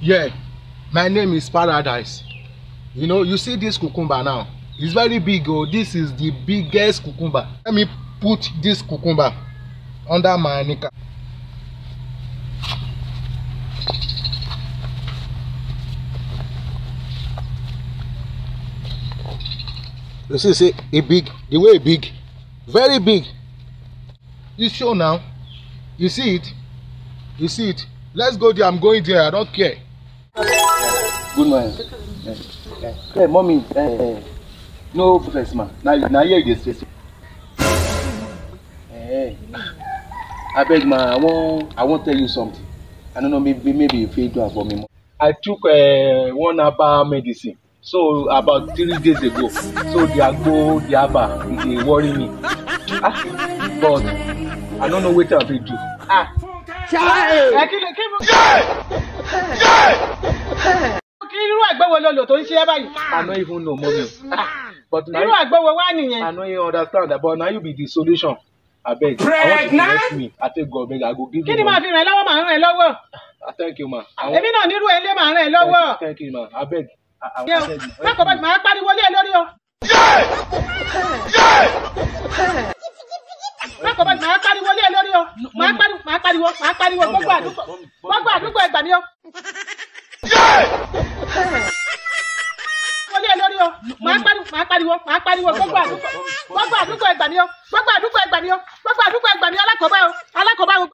yeah my name is paradise you know you see this cucumber now it's very big oh this is the biggest cucumber let me put this cucumber under my knicker you see say e big the way e big very big you show now you see it you see it let's go there i'm going there i don't care good morning hey eh, eh, mommy eh, eh no breakfast Now, now here you dey Hey, I beg ma i wan i wan tell you something i don't know maybe maybe you feel do am for me. i took uh, one herbal medicine so about three days ago so the go, they are, e dey worry me ah but i don't know wetin i fit do ah. Chai! Chai! Chai! lọ́lọ́ tó ń ṣe báyìí. I no even know mommy. Ah, but now irú àgbọ̀wọ̀ wá nìyẹn. I no even understand but now you be the solution. Abeg, I want you to help me. I take God beg, I go give you money. Kí ni màá fi ràn ẹ́ lọ́wọ́ màá ràn ẹ́ lọ́wọ́? Ah, thank you ma. Èmi náà nírú ẹ̀ màá ràn ẹ́ lọ́wọ́. Thank you ma, abeg. Bákan bá ti máa pariwo lé ẹ lórí o. Bákan bá ti máa pariwo lé ẹ lórí o. Máa pariwo máa pariwo máa pariwo gbogbo àdúgbò gbogbo àdúgbò ẹgbàá ni o. máa pariwo máa pariwo máa pariwo gbogbo àdúgbò gbogbo gbogbo àdúgbò ẹgbàá gbogbo àdúgbò ẹgbàá ni o.